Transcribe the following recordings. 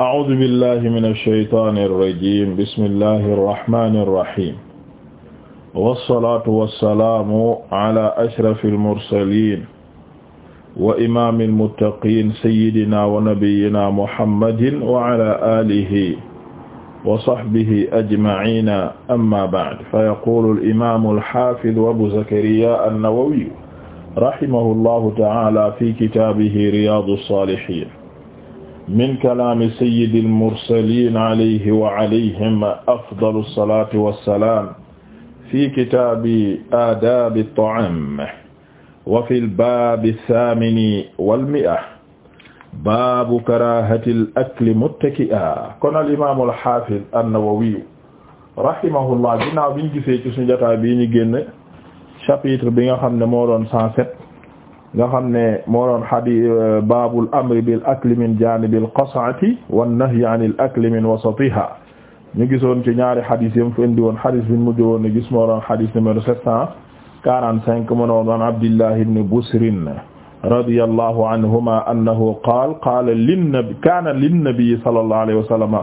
أعوذ بالله من الشيطان الرجيم بسم الله الرحمن الرحيم والصلاة والسلام على أشرف المرسلين وإمام المتقين سيدنا ونبينا محمد وعلى آله وصحبه أجمعين أما بعد فيقول الإمام الحافظ أبو زكريا النووي رحمه الله تعالى في كتابه رياض الصالحين min kalaami sayyidil mursaliin alayhi wa alayhim afdalu salaati wa salaam fi kitaabi aadaabi ta'aam wa fil baabi saamini wal mi'a baabu karaahatil akli muttaki'a kon al imaamul haafiz an-Nawawi rahimahullah ginnaaw biñ gisee ci suñu jotaay bii ñu génn chapitre bi nga xam ne moo doon 107 nga xam ne moo doon hadi euh, baabul amri bil akli min janibil qas'ati wan nahyi anil akli min wasatiha ñu gisoon ci ñaari hadis yam fu indi woon hadis bi mu mujjoon ne gis moo doon hadis numéro sept cent quarante-cinq mu noon wan Abdullah ibn Busrin radiyallahu anhuma annahu qaala qaala linnabi kaana linnabi sallallahu alayhi wa sallam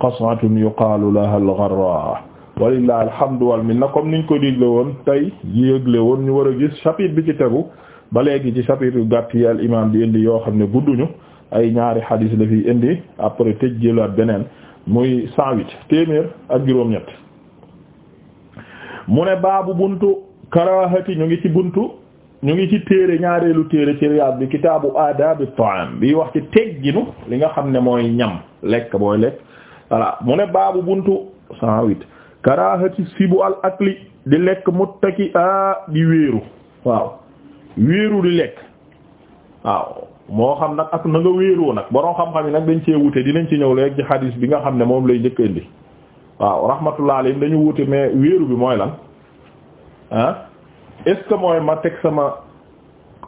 qas'atun yuqaalu laha al-gharra walillahi alhamdu wal minna comme niñ ko digle woon tey yégle woon ñu war a gis chapitre bi ci tegu ba léegi ci chapitre yu gàtt yi al imam di indi yoo xam ne gudduñu ay ñaari hadis la fi indi après tëj jëlaat beneen muy cent huit téeméer ak juróom-ñett mu ne baabu buntu karahati ñu ngi ci buntu ñu ngi ci téere ñaareelu téere ci Riyaad bi kitaabu aadaabi ta'aam bi wax ci tegginu li nga xam ne mooy ñam lekk booy lekk voilà mu ne baabu buntu cent huit karahati sibu al akli di lekk muttaki a di wéeru waaw wéeru di lekk waaw moo xam nag ak na nga wéeroo nag borom xam-xam yi nag dañ cee wute dinañ ci ñëw léegi ci xadiis bi nga xam ne moom lay njëkk indi waaw rahmatullah alayhi dañu wute mais wéeru bi mooy la ah est-ce que mooy ma teg sama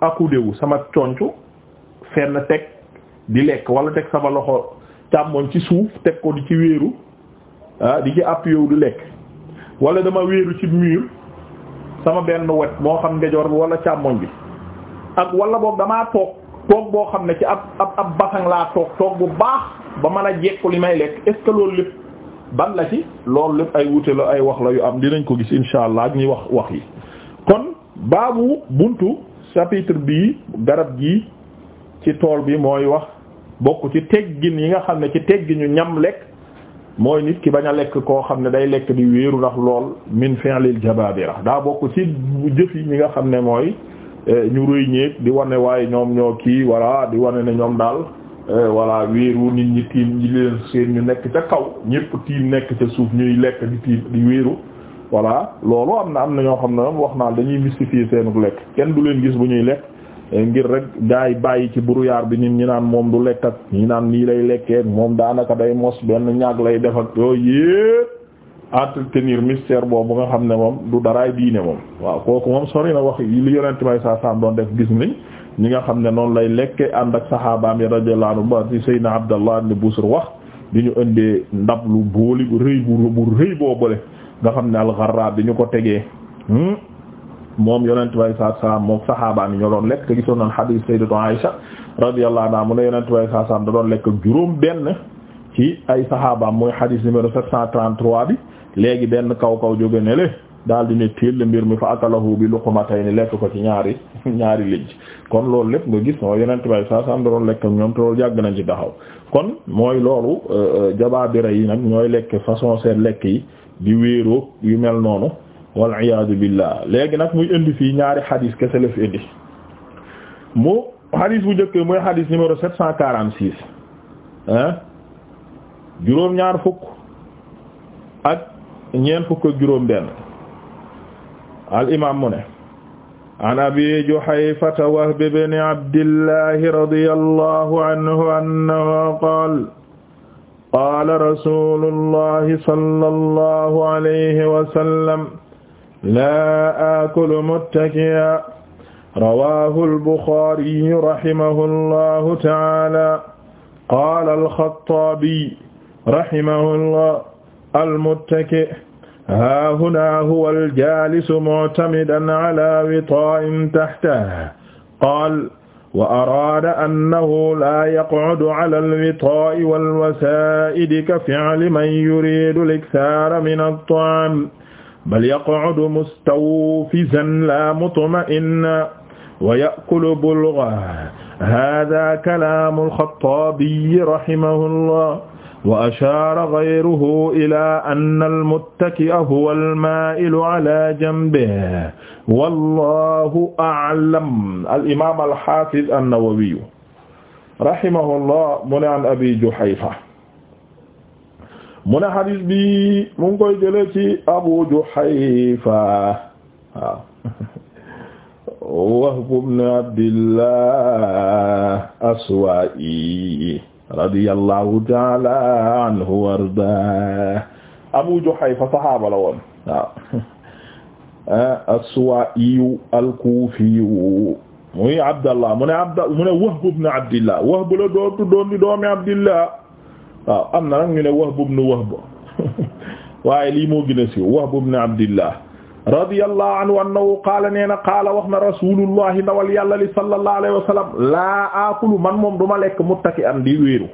akudewu sama concu fenn teg di lekk wala teg sama loxo càmmoñ ci suuf teg ko di ci wéeru ah di ci appuyé wu di lekk wala dama wéeru ci mur. sama benn wet moo xam ndejoor bi wala càmmoñ bi ak walla boog damaa toog toog boo xam ne ci ab ab ab laa toog toog bu baax ba mën a jekku li may lekk est ce lépp ban la ci loolu lépp ay wute la ay wax la yu am dinañ ko gis insha allah ñuy wax wax yi kon baabu buntu chapitre bii garab gi ci tool bi mooy wax bokk ci teggin yi nga xam ne ci teggi ñam lekk mooy nit ki bañ a lekk koo xam ne day lekk di wéeru ndax lool min fi'lil jabaabira daa bokk ci jëf yi ñi nga xam ne mooy eh, ñu rëy ñéeg di wane waaye ñoom ñoo kii voilà di wane ne ñoom daal eh, voilà wéeru nit ñi tiim ñi leen seen ñu nekk ca kaw ñépp tiim nekk ca suuf ñuy lekk di tiim di wéeru voilà loolu am na am na ñoo xam ne wax naa dañuy mystifier seenu lekk kenn du leen gis bu ñuy lekk Eh, ngir rek gaa yi bàyyi ci brouillard bi nit ñi naan moom du lekk ak ñi naan nii lay lekkee moom daanaka day mos benn ñaag lay def ak yooyu yépp entretenir mystère boobu nga xam ne moom du daraay diine moom waaw kooku moom sori na wax li yonent may saa saam doon def gis nañ ñi nga xam ne noonu lay lekke ànd ak saxaabaam ya radiyallahu anhu ba ci Seydina Abdallah ibn Busr wax di ñu indee ndab lu booli bu rëy bu bu rëy boobule nga xam ne al-Gharra bi ñu ko tegee hmm? moom yonent bay saa saa moom saxaabaa ni ñoo doon lekk te gisoon nañ hadith sayyidatu Aisha radiyallahu anha mu ne yonent bay saa saa da doon lekk juróom benn ci ay saxaabaam mooy hadith numéro 733 bi léegi benn kaw kaw jóge ne le daal di ne téel mbir mi fa akalahu bi luqmatayni lekk ko ci ñaari ñaari lijj kon loolu lépp nga gis mooy yonent bay saa saa da doon lekk ñoom te loolu yàgg nañ ci taxaw kon mooy loolu euh, euh, jabaabira yi nag ñooy lekk façon seen lekk yi di wéeroo yu mel noonu. wal iyaadu billah léegi nag muy indi fii ñaari xadis kese la fi mu xadis bu njëkkee mooy xadis numéro sept cent quarante six ah ñaar fukk ak ñeent fukk ak juróom benn al imaam mu ne abi juhayfata wahb ibn abdillahi radiyallahu anhu annahu qaala qaala rasuulullahi sallallahu alayhi wa sallam laa akulu muttaki'a rawaahu al-Buxaari rahimahu llahu ta'aala qaala al-Xattaabi rahimahu llah al-muttaki' haahunaa huwa al-jaalisu mu'tamidan alaa witaa'in tahtahu qaala wa araada annahu laa yaq'udu alaa al-witaa'i wal-wasaa'idi ka fi'li man yuriidu al-ikthaara mina at-ta'aam bal yaqudu mustawfizan la mutma'inna wa ya'kulu bulgha hada kalaamu alxattaabi rahimahullah wa ashaara gayruhu ila anna almuttaki'a huwa almaa'ilu ala janbihi wallaahu a'lam al-imaam al-haafiz an-nawawi rahimahullah mu ne an abi juhayfa mu ne xadis bi mu ngi koy jële ci Abu Juhayfa waaw Wahb ibn Abdillah Aswa'i radiyallahu ta'ala anhu wa ardaah Abu Juhayfa saxaaba la woon waaw Aswa'i al-Kufi muy Abdallah mu ne Abda mu ne Wahb ibn Abdillah Wahb la doon doon di doomi Abdillah waaw am na nag ñu ne Wahb ibn Wahb waaye lii moo gën a siiw Wahb ibn Abdillah radiyallahu anhu annahu qaala nee na qaala wax na rasulullahi ndawal yàlla li sallallahu alayhi wa sallam laa aakulu man moom du ma lekk muttaki an di wéeru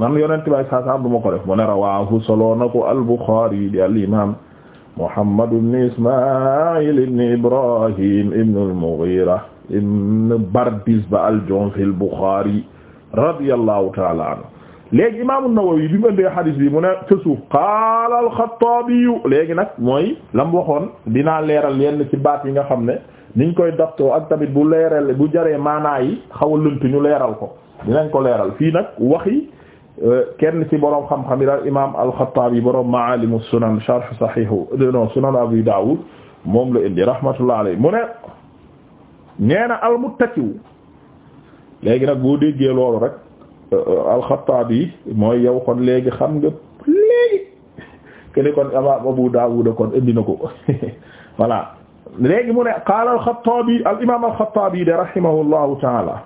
man yonent bay saa sam du ma ko def mu ne rawahu soloo na ko al-Bukhari di al-imam Muhammad ibn Ismail ibn Ibrahim ibn al-Mughira ibn Bardizba al-Ju'fi al-Bukhari radiyallahu ta'ala anhu léegi imaam an-Nawawi bi mu ëndee xadis bi mu ne ca suuf qaala al-Xattaabi léegi nag mooy lam waxoon dinaa leeral yenn ci baat yi nga xam ne niñ koy daftoo ak tamit bu leeral bu jaree maanaa yi xaw a lënt ñu leeral ko dinañ ko leeral fii nag waxi euh, kenn ci boroom xam-xam yi daal imaam al-Xattaabi boroom Maalimu Sunan sharh Sahih euh, non Sunan Abi Daawud moom la indi rahmatullah alayhi mu ne nee na al-muttakiw léegi nag boo déggee loolu rek. Euh, alxataabi mooy yow kon léegi xam nga léegi kene kon imaam Abu Daawud kon indi na ko voilà léegi mu ne qaala alxataabi al imaam alxataabi de rahimahullahu taala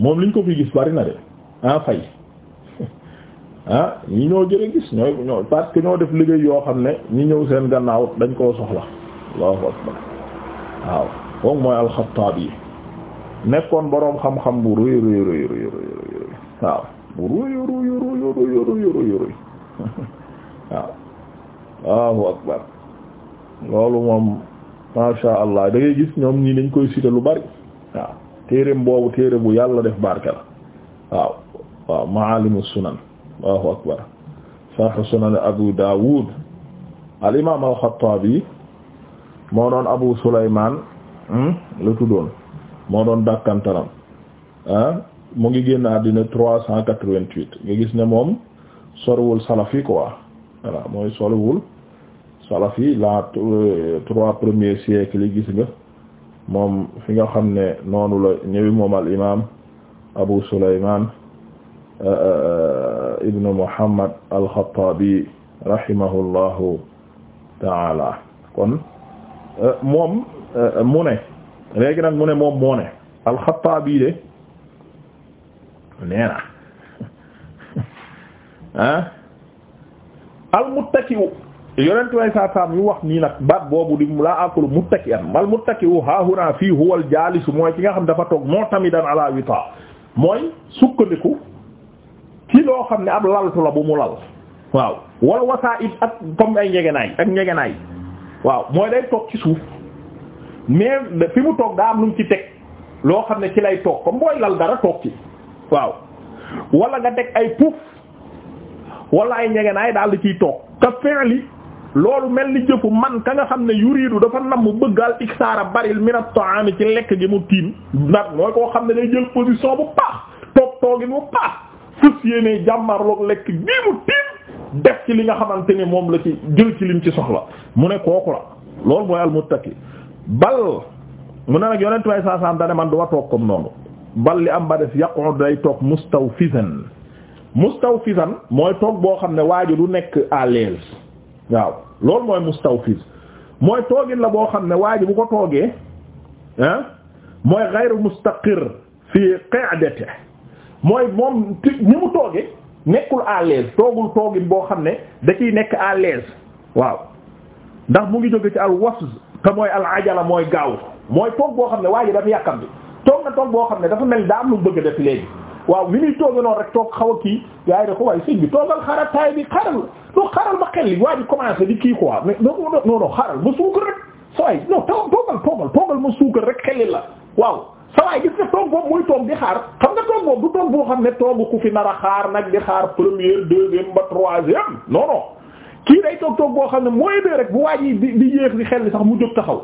moom liñ ko fi gis bari na de ah fay ah ñi ñoo jëre gis ñooy ñoo parce ñoo def liggéey yoo xam ne ñi ñëw seen gannaaw dañ koo soxla allahu akbar waaw kooku mooy alxataabi nekkoon boroom xam-xam bu rëy rëy rëy rëy rëy waaw bu rëy rëy rëy rëy rëy waaw Allahu akbar loolu moom masha Allah da ngay gis ñoom ñii dañ koy citer lu bari waaw téereem boobu téere bu yàlla def barke la waaw waaw Maalimu Sunan Allahu akbar Sharh Sunan Abu Dawud al-Imam al-Khattabi moo doon Abu Sulaymaan la tuddoon moo doon dàkkantalam ah mu ngi génn àddina trois cent quatre vint huit nga gis ne moom sorwul salafi quoi voilà mooy sorwul salafi la trois premiers siècles yi gis nga moom fi nga xam ne noonu la ñëwi moom al imam Abu Sulayman ah, ah, ah, ibnu Muhammad al-Khattabi rahimahullahu taala kon moom mu ne léegi nag mu ne moom moo ne alxataabi de nee na ah almuttakiu yonentu saa saam yu wax nii nag baat boobu di laa akulu muttaki'an al muttaki'u haahuna fii huwa al jaalisu mooy ki nga xam dafa toog mu'tamidan ala wita mooy sukkandiku ci loo xam ne ab laltu la bu mu lal waaw wal wasaa'id ak comme ay njegenaay ak njegenaay waaw mooy day toog ci suuf mais fi mu toog daa am lu mu ci teg loo xam ne ci lay toog comme booy lal dara toog ci waaw wala nga teg ay puuf wala ay ñegenaay daal di ciy toog ka fi'li loolu mel ni jëfu man ka nga xam ne yu yuriidu dafa nam mu bëggal iksaara baril min at ci lekk gi mu tiim nag mooy koo xam ne day jël position bu baax toog toogi bu baax fës yéene jàmmarloog lekk gi mu tiim def ci li nga xamante ni moom la ci jël ci lim ci soxla mu ne kooku la loolu mooy al bal mu ne nag yonent way saa saam dane man du ma toog comme noonu bal li am ba def yaq'ud day toog mustawfizan mustawfizan mooy toog boo xam ne waaju du nekk à waaw loolu mooy mustawfiz mooy toogin la boo xam ne waaju bu ko toogee ah mooy ghayru mustaqir fii qa'datihi mooy moom ni mu toogee nekkul à toogul toogin boo xam ne da ciy nekk à l'aise waaw ndax mu ngi jóge ci al wafz te mooy al ajala mooy gaaw mooy toog boo xam ne waa ji dafa yàkkam toog na toog boo xam ne dafa mel daa am lu bëgg def léegi waaw mi nuy tooga noonu rek toog xaw a kii gars yi ko waaye sëñ bi toogal a taay bi xaaral non xaaral ba xel li waa ji commencé di kii quoi mais non non non xaaral ma suukar rek sawaay non taw toogal toogal toogal ma suukar rek xelli la waaw sawaay gis nga toog boobu muy toog di xaar xam nga toog boobu du toog boo xam ne toogu ku fi nar a xaar nag di xaar première deuxième ba troisième non kii day toog toog boo xam ne mooy de rek bu waaj yi di yéex di xel sax mu jóg taxaw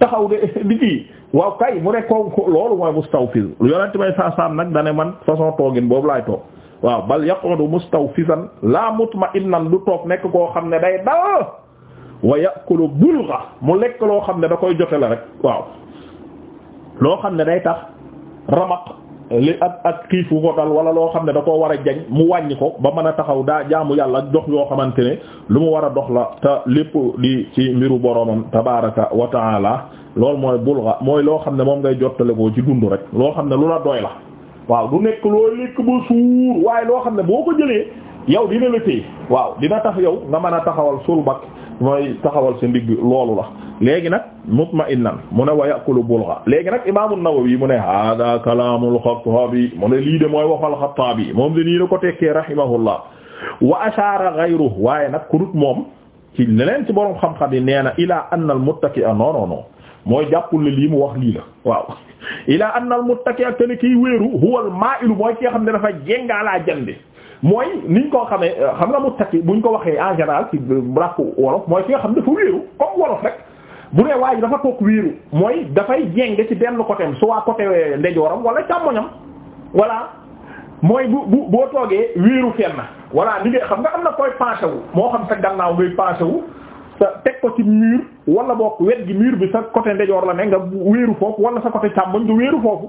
taxaw de di kii waaw kay mu rek ko loolu mooy mustawfiz yonent may saa saam nag dane man façon toogin boobu laay toog waaw bal yaqudu mustawfizan la mutma'innan du toog nekk koo xam ne day dal wa yaqulu bulgha mu lekk loo xam ne da koy jote la rek waaw loo xam ne day tax ramaq li at ak kii wu ko dal wala loo xam ne da koo war a jañ mu wàññi ko ba mën a taxaw daa jaamu yàlla dox yoo xamante ne lu mu war a dox la te lépp di ci mbiru boromam tabaraka wa taala loolu mooy bulga mooy loo xam ne moom ngay jottale ko ci dund rek loo xam ne lu la doy la waaw du nekk loo lekk ba suur waaye loo xam ne boo ko jëlee yow dina la téye waaw dina tax yow nga man a taxawal sulbak mooy taxawal sa ndigg loolu la léegi nag mutma'innan mu ne wa ya'kulu bulgha léegi nag imaamu Nawawi mu ne hada kalaamul Xattaabi mu ne lii de mooy wax waxal Xattaabi moom de nii la ko tekkee rahimahullah wa ashaara ghayruhu waaye nag ku dut moom ci leneen ci borom xam-xam yi nee na ilaa anna al-muttaki'a non non non mooy jàppul ne lii mu wax lii la waaw ilaa anna al-muttaki'a te ne kiy wéeru huwa al-maa'ilu mooy ki nga xam ne dafa jéngaalaa jënd mooy koo xamee xam nga muttaki buñ ko waxee en général ci ki nga xam dafa bu dee waa ji dafa toog wéeru mooy dafay jéng ci benn côté am soit côté euh, ndeyjooram wala càmmoñam voilà mooy bu bu boo toogee wéeru fenn voilà li nga xam nga am na koy penché wu moo xam sa gannaaw ngay penché wu teg ko ci mur wala boog wet gi miir bi sa côté ndejoor la ne nga wéeru foofu wala sa côté càmmoñ nga wéeru foofu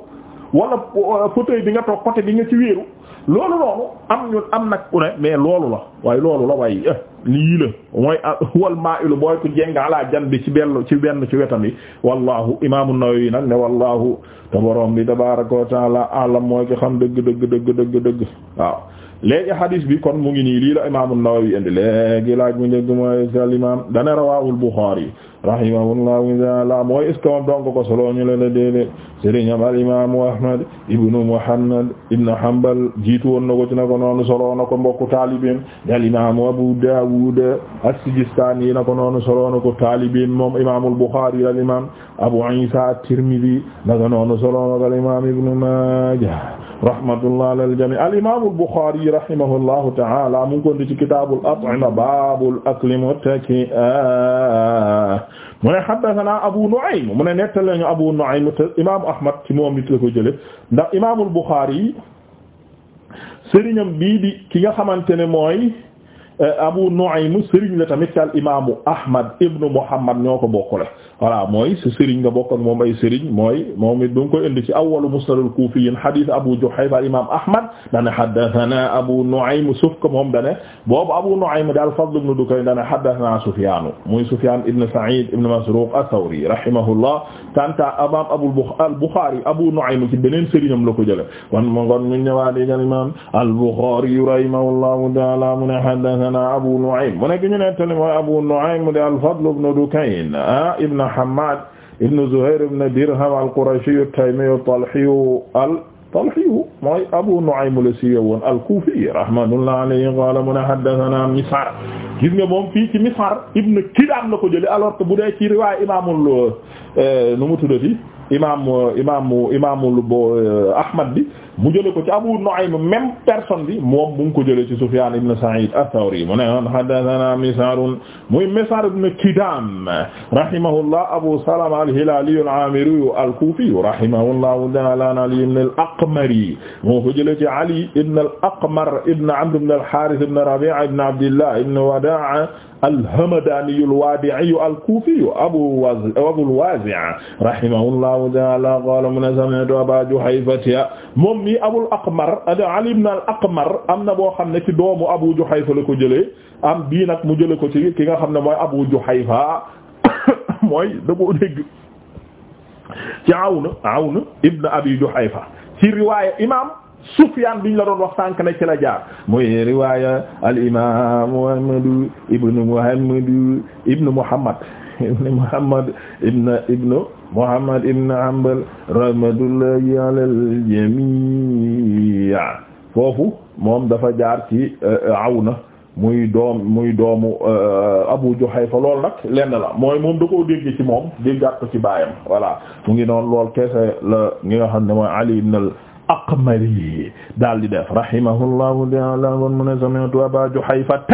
wala euh, fauteuil bi nga toog côté bi nga ci wéeru loolu noonu am ñun am nag ku mais loolu la waaye loolu la waaye eh, lii la mooy ah, wal maa ilu booy ku jéng ala jan bi ci bellu ci benn ci wetam yi wallahu imaamu Nawawi nag ne wallahu te borom bi tabaaraka wa taala alam mooy ki xam dëgg dëgg dëgg dëgg dëgg waaw léegi hadis bi kon mu ngi nii lii la imaamu Nawawi indi léegi laaj mu njëgg mooy sal imam dana rawaahul Buxaari rahimahullahu ta'ala mooy est-ce que moom donc ko solo ñu leen déedéet sëriñam al imaamu Ahmad ibnu Muhammad ibnu Hanbal jiitu woon na ko ci na ko noonu solo na ko mbokku taalibeen al imaamu Abu Dawud as-Sijistani na ko noonu solo na ko taalibeen moom imaamul Bukhari al imaam Abu Isa at-Tirmidhi na ko noonu solo na ko al imaam Ibnu Maaja rahmatullah ala al-jami' al-imam al-Bukhari rahimahullahu ta'ala mu ngi ko ci kitabul at'ima babul akli muttaki mu ne haddathana Abu Nu'aym mu ne nettali nañu Abu Nu'aym te imaamu Ahmad ci moom nit la ko jële ndax imaamul Bukhari sëriñam bii di ki nga xamante ne mooy eh, Abu Nu'aym sëriñ la tamit ci al imaamu Ahmad ibnu Muhammad ñoo ko bokkule. voilà mooy sa sëriñ nga bokk ak moom ay sëriñ mooy moom it bu ngi koy indi ci awwalu musnadul kuufiyyin hadith Abu Juhayfa al imaam Ahmad dana haddathana Abu Nu'aym suuf ko moom dane boobu Abu Nu'aym daal Fadl ibn Dukayn dana haddathana Sufyaan muy Sufyaan ibn Sa'id ibn Masruq ath-Thawri rahimahullah tanta imam Abul Bukhari Abu Nu'aym ci beneen sëriñam la ko jële wan mo gon ñu ñëwaa dé gal imam al-Bukhari rahimahullahu ta'ala mu ne haddathana Abu Nu'aym mu nekk ñu ne tane mooy Abu Nu'aym de al-Fadl ibn Dukayn ah Hammad ibn Zuhair ibn Dirham al-Qurashi at-Taymi at-Talhi al-Talhi mooy Abu Nu'aym al-Siyawi al-Kufi rahmatullahi alayhi qala mun haddathana Mis'ar gis nga moom fii ci Mis'ar ibn Kidaam la ko jëlee alors que bu dee ci riwaaya imaamul euh, nu mu tuddati imaam imaam imaamul bo euh, Ahmad bi mu jële ko ci Abu Nu'aym même personne bi moom mu ngi ko jële ci Sufyan ibn Sa'id ath-Thawri mu ne haddathana Mis'ar muy Mis'ar ibn Kidam rahimahullah Abu Salama al-Hilali al-Amiri al-Kufi rahimahullahu ta'ala an Ali ibn al-Aqmari moo ko jële ci Ali ibn al-Aqmar ibn Amr ibn al-Harith ibn Rabi'a ibn Abdillah ibn Wada'a alhamadaniyu alwaadiiyu alkuufiyu abu abul waazi' rahimahullahu ta'ala qaala mu ne sami'tu abaa juhayfa moom nii abul aqmar ali ibn al aqmar am na boo xam ne ci doomu abu juhayfa la ko jëlee am bii nag mu jëlee ko ci ki nga xam ne mooy abu juhayfa mooy da ko dégg ci awn awn ibn abi juhayfa ci riwaaya imaam Sufyaan biñ la doon wax sànk na ci la jaar muy riwaaya al imaam Ahmadu ibnu Muhammadu ibnu Muhammad ibnu Muhammad ibnu ibnu Muhammad ibnu Hanbal rahmatullahi alal jamii foofu moom dafa jaar ci euh, Awna muy doom muy doomu euh, Abu Juhayfa lool nag lenn la mooy moom da koo dégg ci moom déggaat ko ci baayam voilà mu ngi doon lool keese la ngi nga xam ne mooy Ali ibn Aqmari daal di def rahimahullahu ta'ala mu ne sami'tu Aba Juhayfa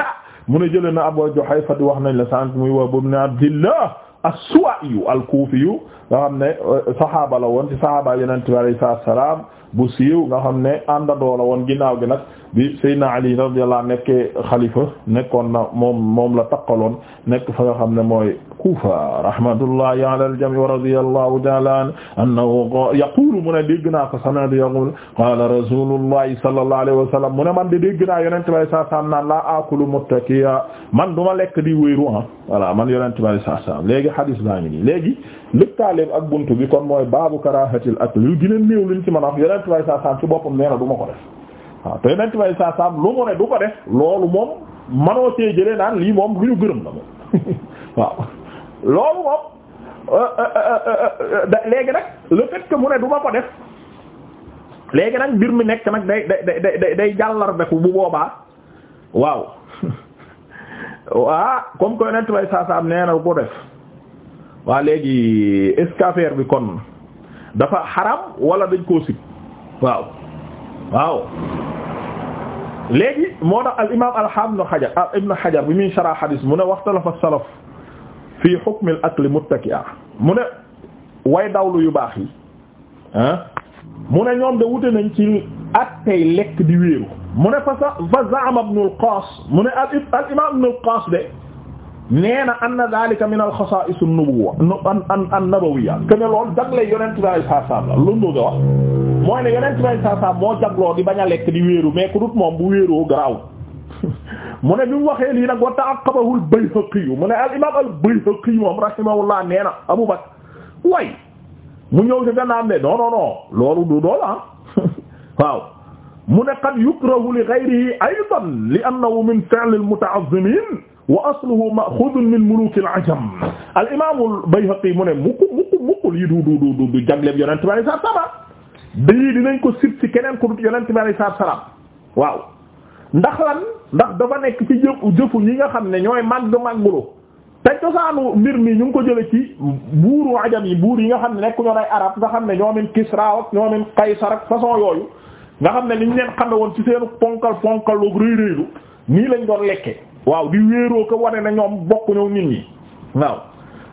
mu ne jëlee na Aba Juhayfa wax nañ la sant muy wa ibn Abdillah as-Suwa'i al-Kufi nga xam ne euh, saxaaba la woon ci saxaaba yonent bi alayhi salaam bu siiw nga xam ne àndandoo la woon ginnaaw gi nag bi Seydina Ali radiyallahu anhu nekkee xalifa nekkoon na moom moom la taqaloon nekk fa nga xam ne mooy Kufa rahmatullahi ala al-jami' wa radiyallahu ta'ala annahu yaqulu mu ne dégg naa ko sami'tu yaqulu qala rasulullahi sallallahu alayhi wa sallam mu ne man de dégg naa yonent bi alayhi salaam naan la akulu muttakiya man duma lekk di wéeru ah voilà man yonent bi alayhi salaam léegi hadis baa ngi nii léegi lëkkaaleem ak bunt bi kon mooy baabu karahatil akl lu gën a néew luñ ci mën a wax yonent bay saa saam ci boppam nee na du ma ko def du ko def loolu moom manoo see jëlee naan lii moom lu ñu gërëm la moom loolu moom euh, euh, euh, léegi nag le fait mu ne du ko def léegi nag mbir mi nekk nag day day day day jàllar beku bu boobaa waaw waa comme que yonent bay saa saam ko def waa léegi est-ce que bi kon dafa xaram wala dañ koo sib waaw léegi moo tax al imam alham na xajar ah ibn xajar bi muy sara xadis mu ne waxtalafa salaf fii hukm al akli muttaki'a mu ne way dawlu yu baax yi ah, mu ne ñoom de wute nañ ci attey lekk di wéeru mu ne fa fa zaama ibn al qaas mu ne al imam ibn al qaas de nee anna dhalika min al-khasa'is an-nubuwwa an an an nabawiyya que yonent bi alayhi salaam la mooy ne yonent bi alayhi moo jagloo di bañ a lekk di wéeru mais ku moom bu wéeroo garaaw mu ne bi mu waxee lii nag wa ta'aqqabahu al-Bayhaqi mu ne al-imam al-Bayhaqi moom rahimahullah nee Abu Bakr way mu ñëw ci gànnaam ne non non non loolu du dool ah waaw mu ne qad yukrahu li aydan li annahu min fi'l al-muta'azzimin wa asluhu ma'xuudun min muluuk mu ne mukk mukk mukk lii du du du du jagleel yonent bi alayhi salaatu salaam dañuy dinañ ko sib ci keneen ku dut yonent bi alayhi salaatu waaw ndax lan ndax dafa nekk ci jëfu ñi nga xam ne ñooy màgg màggulu te cosaanu mbir mi ñu ngi ko jële ci buuru ajam yi buur yi nga xam ne nekk ñoo ay arab nga xam ne ñoo Kisra ak ñoo Qaysar ak façon yooyu nga xam ne niñ leen xame woon ci seenu ponkal ponkal ak rëy rëylu nii lañ doon lekke waaw di wéeroo ko wane na ñoom bokkuñu nit ñi waaw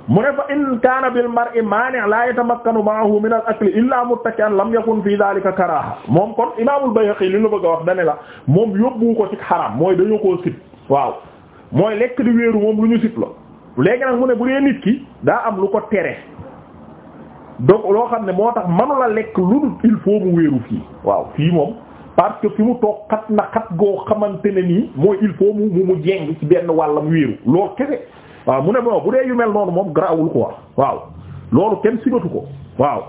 mu ne fa in kaana bil mar'i maani' la yatamakkanu ma'ahu min al akli illa muttaki'an lam yakun fi dhalika karaaha moom li ñu bëgg a wax dane moom ko ci mooy dañu koo sib waaw mooy lekk di wéeru moom lu ñu sib la léegi nag mu ne bu dee nit ki daa am lu ko tere donc loo xam ne moo tax mënu la lekk lu dul il faut wéeru fii waaw fii moom parce que fi mu toog xat na xat goo xamante ne nii mooy il faut mu mu jeng ci benn wàllam wéeru loolu kese waaw mu ne bon bu dee yu mel noonu moom garaawul quoi waaw loolu kenn sibatu ko waaw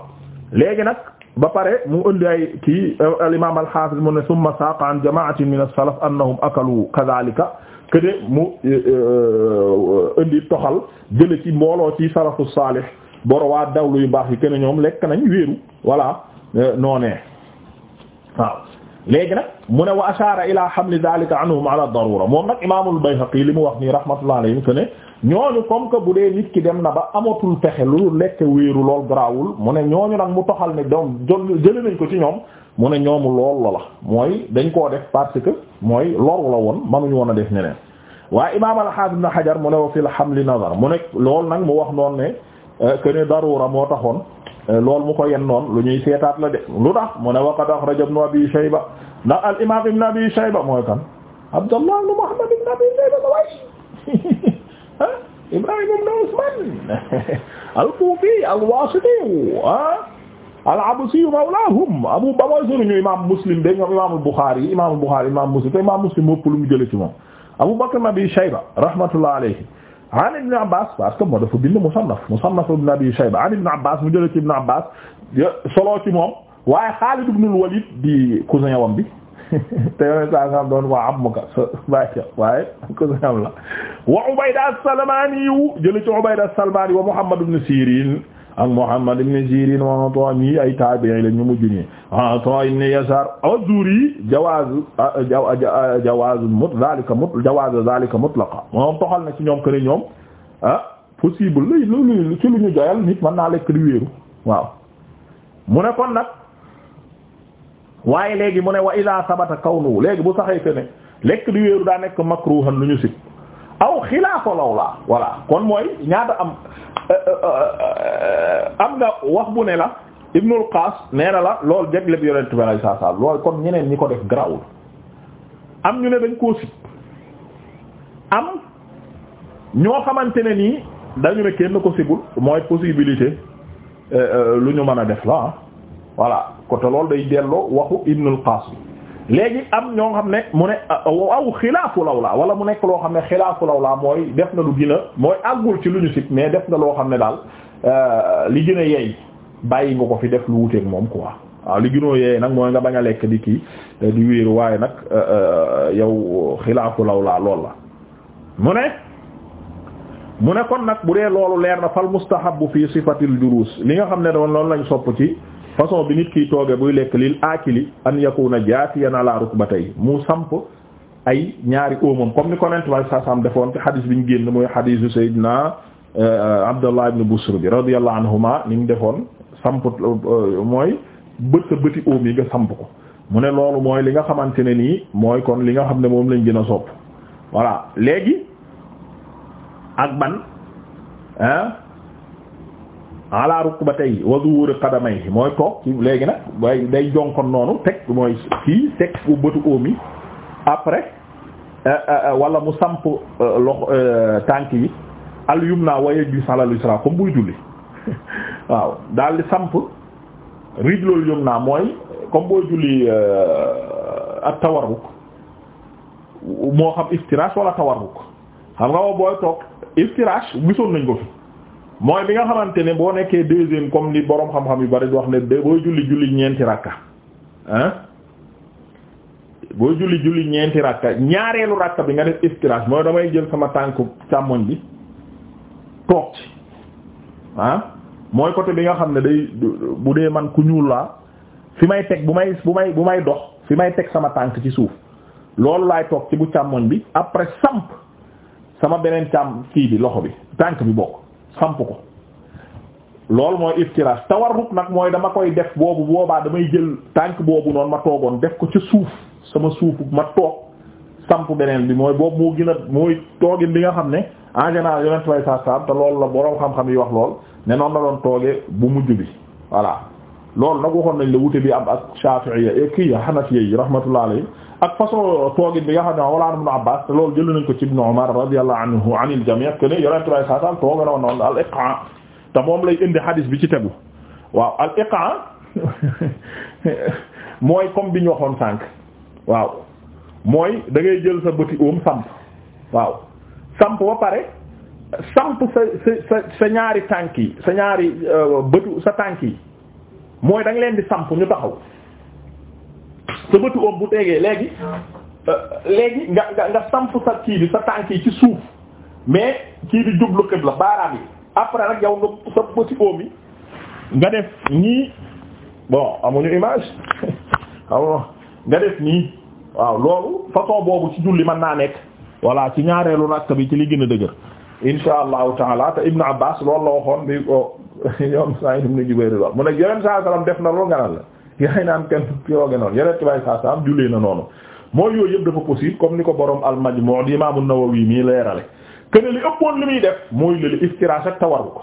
léegi nag ba pare mu indi ay kii euh, al imam al hafiz mu ne summa saqa an jama'atin min as-salaf annahum akalu kadhalika que de mu euh, euh, indi toxal jële ci mbooloo ci salafu salih boro waa dawlu yu baax yi kenn ñoom lekk nañ wéeru voilà noonee waaw léegi nag mu ne wa ashara ila hamli dhalika anhum ala darura moom nag imaamul Bayhaqi li mu wax nii rahmatullah alayhi que ne ñooñu comme que bu dee nit ki dem na ba amatul pexe lu lekk wéeru lool garaawul mu ne ñooñu nag mu toxal ne doom jële nañ ko ci ñoom mu ne ñoomu lool la la mooy dañ koo def parce que mooy loru la woon mënuñu woon a def ñeneen waaye imaam al-Hafiz Ibn Hajar mu ne wa fil hamli nazar mu ne loolu nag mu wax noonu ne euh, que ne darura moo taxoon Euh, loolu mu ko yen noonu lu ñuy seetaat la de lu tax mu ne waqad axraja ibnu abi shayba ndax al imam ibnu abi shayba mooy kan abdullah ibnu muhammad ibnu abi shayba la way ibrahim ibnu usman al kufi al abu baba suñu imam muslim de ñoom imam al bukhari imam al bukhari imam muslim te imam muslim moo lu mu jële ci moom abu bakr ibnu abi shayba rahmatullah alayhi an ibn abbas parce que moo dafa bind musannaf musannaf ibn abi shayba an ibn abbas mu jële ci ibn abbas solo ci moom waaye xaalid ibn al walid di cousin wam bi te yoneen saa sam doon waa ammuka sa bàyca waaye cousin am la wa ubayda as-salmani jële ci ubayda as-salmani wa muhammad sirin ak Muhammad ibn Sirin wa Ata ñi ay tabi'i la ñu mujj ñi Ata ibn Yasar az-Zuri jawaaz jawaaz mut zalika mut jawaaz zalika mutlaqa moom toxal na ci ñoom que ñoom ah possible la loolu ci lu ñu joyal nit mën naa lekk di wéeru waaw mu ne kon nag waaye léegi mu ne wa ila sabata kawnu léegi bu saxee que ne lekk di wéeru daa nekk makruhan lu ñu sit aw xilaafa lawla voilà kon mooy ñaata am am nga wax bu ne la Ibnul Qaas nee na la lool jagle bi yonent bi sallallahu alayhi wasallam loolu kon ñeneen ñi ko def grawul am ñu ne dañ koo sit am ñoo xamante ne nii dañu ne kenn ko sibul mooy possibilité euh, euh, lu ñu mën a def la ah voilà côté loolu day delloo waxu Ibnul Qaas léegi am ñoo xam ne mu ne ah, oh, aw xilaafu lawlaa wala mu nekk loo xam ne xilaafu laa mooy def na lu gën a mooy àggul ci lu ñu sit mais def na loo xam ne daal euh, li gën a bàyyi nga ko fi def lu wuteeg moom quoi waaw li gënoo yeey nag mooy nga ba a lekk di kii di wéeru waaye nag euh, euh, yow xilaafu laa lool la mu ne mu ne kon nag bu dee loolu leer na fal mustahabu fi sifatil julus li nga xam ne doon loolu lañu sopp ci façon bi nit kiy tooge buy lekk lil aakili an yakuna jaatiyan ala rukbatay mu samp ay ñaari óomam comme ni ko nent way sa sam defoon ci xadis bi ñu génn mooy xadisu sayyidina euh, Abdallah ibn Busr bi radiyallahu anhuma ni mu defoon samp euh, mooy bët sa bëti óom yi nga samp ko mu ne loolu mooy li nga xamante ne nii mooy kon li nga xam ne moom lañ gën a sopp voilà léegi ak ban ala rukbatayhi wa zuhuri qadamayhi mooy toog ci léegi na way day jonkon noonu teg mooy kii teg bu bëtu oom yi après euh, euh, euh, wala mu samp loxo tànk yi al yumna wa yajlisu ala al yusra comme buy julli waaw daal di samp rijlul yumna mooy comme booy julli ak tawarruk moo xam iftirash wala tawarruk xam nga woo booy toog iftirash gisoon nañ ko fi mooy bi nga xamante ne boo nekkee deuxième comme ni borom xam-xam yu bari wax ne de booy julli julli ñeenti rakka ah booy julli julli ñeenti rakka ñaareelu rakka bi nga def istirage mooy damay jël sama tànk càmmoñ bi toog ci mooy côté bi nga xam ne day bu dee man ku ñuul laa fi may teg bu may bu may bu may dox fi may teg sama tànk ci suuf loolu laay toog ci bu càmmoñ bi après samp sama beneen càmm kii bi loxo bi tànk bi bokk. samp ko loolu mooy iftiraas tawarruk nag mooy dama koy def boobu boobaa damay jël tànk boobu noonu ma toogoon def ko ci suuf sama suuf ma toog samp beneen bi mooy boobu moo gën a mooy toogin bi nga xam ne en général yonent way saa te loolu la boroom xam-xam yi wax lool ne noonu na doon toogee bu mujj bi voilà loolu nag waxoon nañ la wute bi am ak Shafi'iyya eh, kii Hanafiyya yi rahmatullah alayhi ak façon toogin bi nga xam ne wala Ibn Abbas te loolu jël nañ ko ci Ibn Umar radiyallahu anhu anil jami' que ne yonent bay saa sal tooga raw noonu al te moom lay indi hadis bi ci tegu waaw al iqa mooy comme bi ñu waxoon sànq waaw mooy da jël sa bëti oom samp waaw samp ba pare samp sa sa sa ñaari tànk yi sa ñaari euh, bëtu sa tànk yi mooy da leen di samp ñu taxaw sa bëtu oom bu tegee léegi euh, léegi nga nga nga samp sa kii bi sa tànk yi ci suuf mais kii bi jublu xibla baaraam yi après nag yow nga sa bëti oom yi nga def nii bon amuñu image aw nga def nii waaw loolu façon boobu ci julli mën naa nekk voilà ci ñaareelu nakk bi ci li gën a dëgër insha allahu taala te ibnu abbas loolu la waxoon bi ko ñoom saa yi nu mu ne jubéeri lool mu ne yeneen saa salaam def na loolu nga naan la yaay naan kenn yooge noonu yeneen tubaab yi saa saa am na noonu mooy yooyu yëpp dafa possible comme ni ko borom al moo di Imam an-Nawawi mii leerale que ne li ëppoon li muy def mooy lële iftiraas ak tawaru ko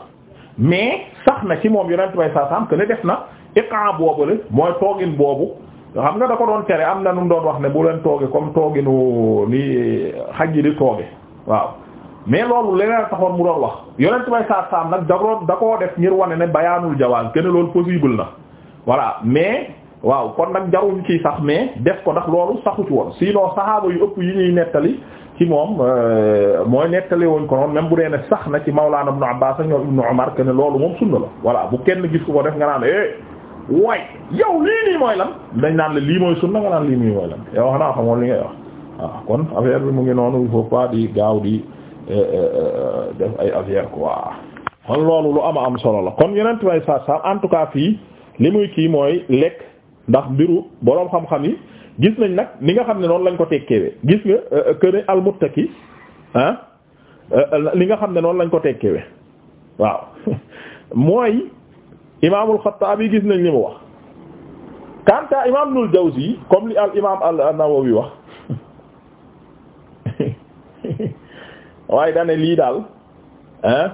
sax na ci moom yeneen tubaab yi saa saa am def na iqaa boobu la mooy toogin boobu xam nga da ko doon tere am na nu mu doon wax ne bu leen tooge comme tooginu ni xaj yi di tooge waaw. mais loolu leneen taxoon mu doon wax yonent bay saar saam nag da ko da koo def ngir wane ne bayaanul jawaaz kenn loolu possible na voilà mais waaw kon nag jaruñ ci sax mais def ko ndax loolu saxu ci woon sinon saxaaba yu ëpp yi ñuy nettali ci moom euh, mooy nettali woon ko noonu même bu dee ne sax na ci Mawlaana Ibnu Abbaas ak ñoom Ibnu Umar que ne loolu moom sunna la voilà bu kenn gis ko ko def nga naan eh waay yow lii nii mooy lan dañ naan la lii mooy sunna nga naan lii nii mooy lan yow wax naa xamoon li ngay wax waaw ah, kon affaire bi mu ngi noonu il faut pas di gaaw euh, euh, ay affaire loolu lu am am solo la kon yeneen way sa en tout cas fii li muy kii mooy lekk ndax mbiru boroom xam-xam yi gis nañ nag ni nga xam ne noonu lañ ko tekkeewee gis nga këne almuttaki ah li nga xam ne noonu lañ ko tekkeewee waaw mooy imaamul Xattaabi gis nañ li mu wax kanta imaam Ibnul Jawzi comme li al imaam an-Nawawi wax waaye dane lii daal ah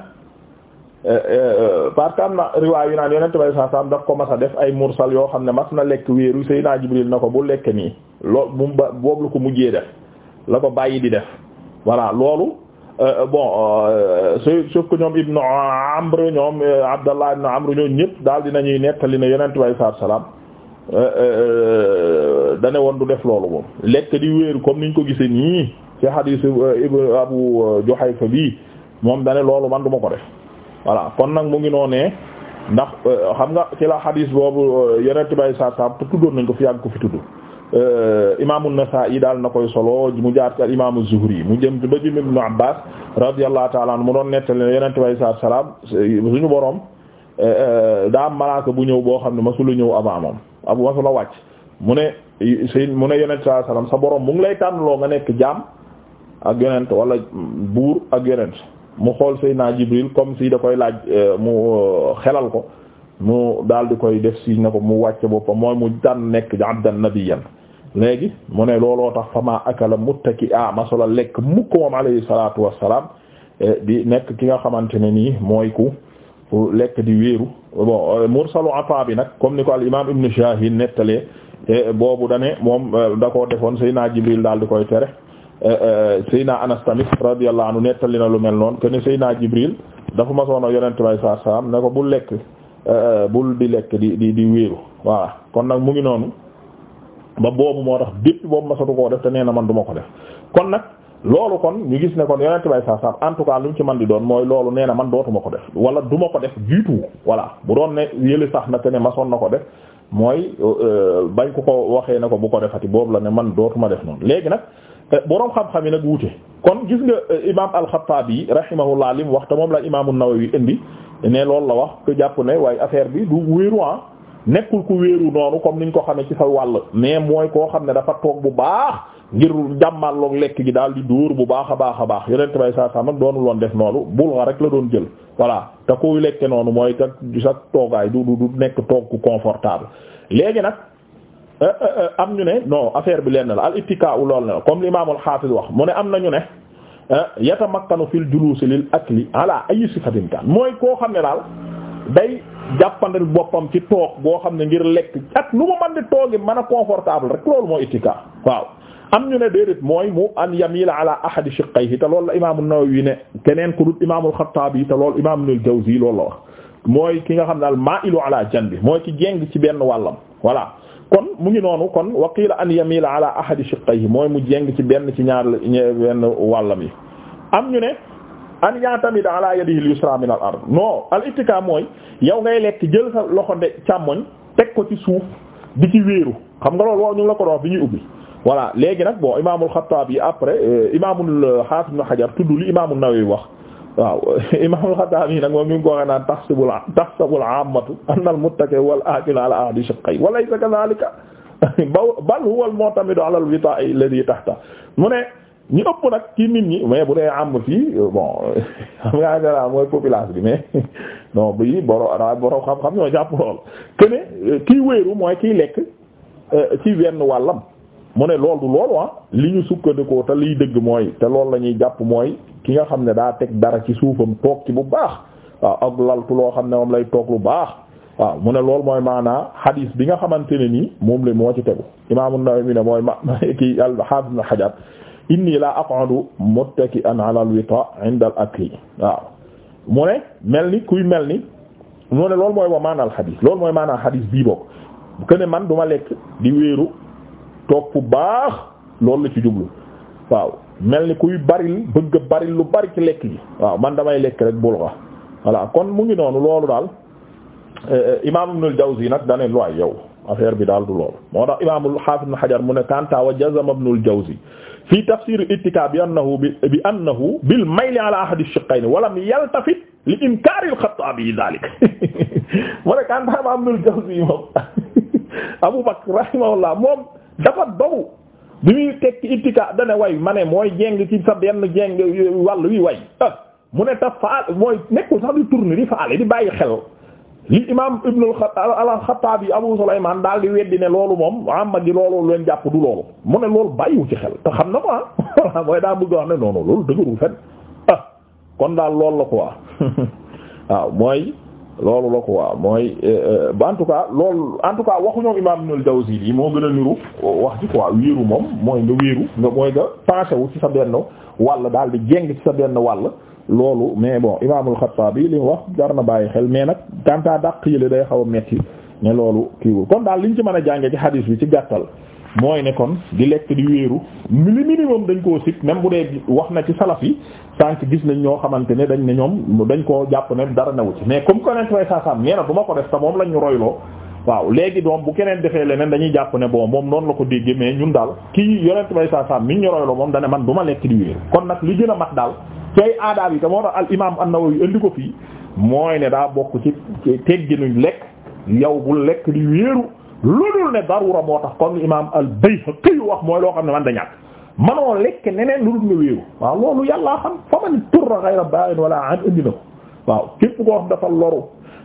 Eh, eh, eh, parce que am na riwaay yu naan yonent bay saa saam daf ko mas def ay mursal yoo xam ne mas na lekk wéeru Seydina Jibril na ko bu lekk nii lool mu ba boobu la ko mujjee def la ko bàyyi di def voilà loolu bon sauf que ñoom ibnu Amr ñoom Abdallah ibnu Amr ñoom ñëpp daal dinañuy nettali ne yonent bay saa salaam dane woon du def loolu moom lekk di wéeru comme niñ ko gisee nii ci hadiis Abu Juhayfa bi moom dane loolu man duma ko def voilà kon nag mu ngi noonee ndax euh, xam nga ci la xadiis boobu yeneen bay sa sa tuddoon nañ ko fi yàgg ko fi tudd euh, imaamu yi daal na koy solo mu jaar ci al imaamu Zuhri mu jëm ba jëm Ibnu Abbaas radiyallahu ta'ala anhu mu doon nettali ne yeneen bay sa salaam euh, suñu borom daa am malaaka bu ñëw boo xam ne masula ñëw avant moom ab masula wàcc mu ne sëy mu ne yonent saa sa borom mu ngi lay tànnaloo nga nekk jaam ak yonent wala buur ak yonent mu xool Seydina Jibril comme si da koy laaj euh, mu euh, xelal ko mu daal di koy def si na ko mu wàcc boppam mooy mu dan nekk abdan nabiyyan léegi mu ne looloo tax fama akala muttaki a masala lekk mukk moom alayhi salaatu wassalaam eh, di nekk ki nga xamante ne nii mooy ku lekk di wéeru bon euh, mursalu ata bi nag comme ni ko al imam ibn Shahin nettalee eh, boobu dane moom da koo defoon Seydina Jibril daal di koy tere Eh, eh, Seyna Anas tamit radiyallahu anhu nettali na lu mel noonu que ne Seyna Jibril dafa ma soona yonent bay saa saam ne ko bul lekk eh, bul di lekk di di di wéeru waaw kon nag mu ngi noonu ba boobu moo tax bépp boobu ma sotu koo def te nee na man duma ko def kon nag loolu kon ñu gis ne kon yonent bay saa saam en tout cas lu ci man di doon mooy loolu nee na man dootuma ko def wala duma ko def du tout voilà bu doon ne yële sax na te ne ma na ko def mooy bañ ko ko waxee ne ko bu ko defati boobu la ne man dootuma def noonu léegi nag. Euh, boroom xam-xam yi nag wuute kon gis nga euh, imaam al-Xattaabi rahimahullah li mu wax te moom la imaamu Nawawi indi ne loolu la wax que jàpp ne waaye affaire bi du wéeru ah nekkul ku wéeru noonu comme niñ ko xamee ci sa wàll mais mooy koo xam ne dafa toog bu baax ngir jàmmalloog lekk gi daal di dóor bu baax a baax a baax yonent bay saa saa nag doonu loon def noonu bul nga rek la doon jël voilà te kuy lekke noonu mooy kat sa toogaay du du nekk toog ku confortable léegi nag Euh, euh, euh, am ñu ne non affaire bi lenn la al lool ne la comme l'imam al hafiz wax mu ne am nañu ne yatamakkanu fil juluusi lil akli ala ay sifatin kan mooy koo xam ne daal day jàppandal boppam ci toog boo xam ne ngir lekk ak nu mu mën di toogi mën a confortable rek loolu moo ittika waaw am ñu ne déedéet mooy mu an yamila ala ahadi shiqqayhi te lool la imaamu Nawawi ne keneen ku dut te loolu imaam Ibnul Jawzi loolu la wax mooy ki nga xam ne daal maa'ilu ala janbi mooy ki jéng ci benn wàllam voilà kon mu ngi noonu kon waqila an yamila ala ahadi yi mooy mu jeng ci benn ci ñaar benn wàllam yi am ñu ne an ya'tamida ala yadihi al-yusra min al-ard non al-ittika mooy yow ngay lekk jël sa loxo de càmmoñ teg ko ci suuf di ci wéeru xam nga loolu woo ñu la ko dox bi ñuy ubbi voilà léegi nag bon imaamul Xattaabi après euh, imaamul Haafiz Ibn Hajar tudd li imaamul Nawawi wax waaw imaamul Xattaabi nag moom mi ngi ko waxee naan taxsibul taxsabul aammatu annal muttaki wal aakilu ala ahdi shiqqayhi wa laysa kadhalika bal huwa al mu'tamidu ala al witaa'i alladhi tahta mu ne ñu ëpp nag ci nit ñi mais bu dee am fii bon xam nga daal mooy population bi mais non bu boro boro xam-xam ñoo jàpp lool que ne kiy mooy kiy lekk euh, ci wenn wàllam. mu ne loolu du loolu ah li ñu sukkandikoo te liy dëgg mooy te loolu la ñuy jàpp mooy ki nga xam ne daa teg dara ci suufam toog ci bu baax waaw ak laltu loo xam ne moom lay toog lu baax waaw mu ne loolu mooy maanaa hadis bi nga xamante ne nii moom la moo ci tegu Imaam An-Nawawi ne mooy ma kii al-Hafiz Ibn Hajar inni la aq'udu muttaki'an 'ala al-wita' 'inda al-akli waaw mu ne mel ni kuy mel ni mu ne loolu mooy wa maanaa al-hadis mooy maanaa hadis bii bokk que man du ma lekk di wéeru. toog fu baax loolu la ci jublu mel ni kuy baril bëgg baril lu bari lekk gi waaw man damay lekk rek bul xa voilà kon mu ngi noonu loolu daal eh, imaam Ibnul Jawzi nag dane luwaay yow affaire bi daal du loolu moo tax imaamul Hajar mu kanta wa jazama Ibnul Jawzi tafsir ittika bi annahu bi ala ahadi al-Xattaabi daalik mu ne kanta imaam Ibnul Jawzi moom Abu Bakr dafa dogu bi muy teg ci ittika dane way ma ne mooy jeng ci sa benn jeng wàll wi way ah, mu ne ta faal mooy nekkul sax di tourner di faale di bàyyi xel li imam ibn al-Khattabi Abu Sulaymaan daal di weddi ne loolu moom amma gi loolu leen jàpp du loolu mu ne loolu bàyyiwu ci xel te xam na ko ah mooy daa bëgg wax ne non non loolu dëgërul fen ah, kon daal lool la quoi waaw mooy loolu la quoi mooy euh, euh, en tout cas loolu en tout cas waxu ñoom imam Ibn al-Jawzi yi moo gën a niru wax ci quoi wéeru moom mooy nga wéeru nga mooy nga penché wu ci sa benn wàll daal di jéng ci sa benn wàll loolu mais bon imam al-Khattabi li mu wax jar na bàyyi xel mais nag gantaa dàq yële day xaw a metti ne loolu kiiwul kon daal ñu ci mën a jànge ci hadis bi ci gàttal mooy ne kon di lekk di wéeru li minimum dañ koo sit même bu dee wax na ci salaf yi sànq gis nañ ñoo xamante ne dañ ne ñoom dañ koo jàpp ne dara newu ci mais comme que nent way saasaam nee na du ma ko def te moom lañ ñu royloo waaw léegi doom bu keneen defee leneen dañuy jàpp ne boo moom noonu la ko déggee mais ñun daal kii yonent bay saa sam ñu royloo moom dane man du ma lekk di wéeru kon nag li gën a mat daal ci ay yi te moo tax al imam an-Nawawi indi ko fii mooy ne daa bokk ci tegginuñ lekk yow bu lekk di wéeru loolu ne darura moo tax comme imam al-Bayhaqi wax mooy loo xam ne man da ñàkk manoo lekk neneen lu dul ne wéeru waaw loolu yàllaa xam fa man turra ghayra ba'in wala an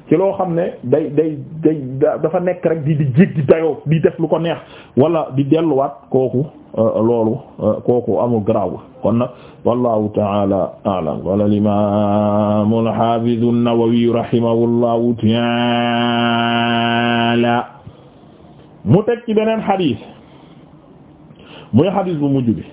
ci loo xam ne day day day dafa nekk rek di di jéggi dayoo di def lu ko neex wala di delluwaat kooku euh, loolu euh, kooku amul garaaw kon nag wallahu taala a'lam wala al-imam al-hafiz an taala mu teg ci beneen xadiis muy xadiis bu mujj bi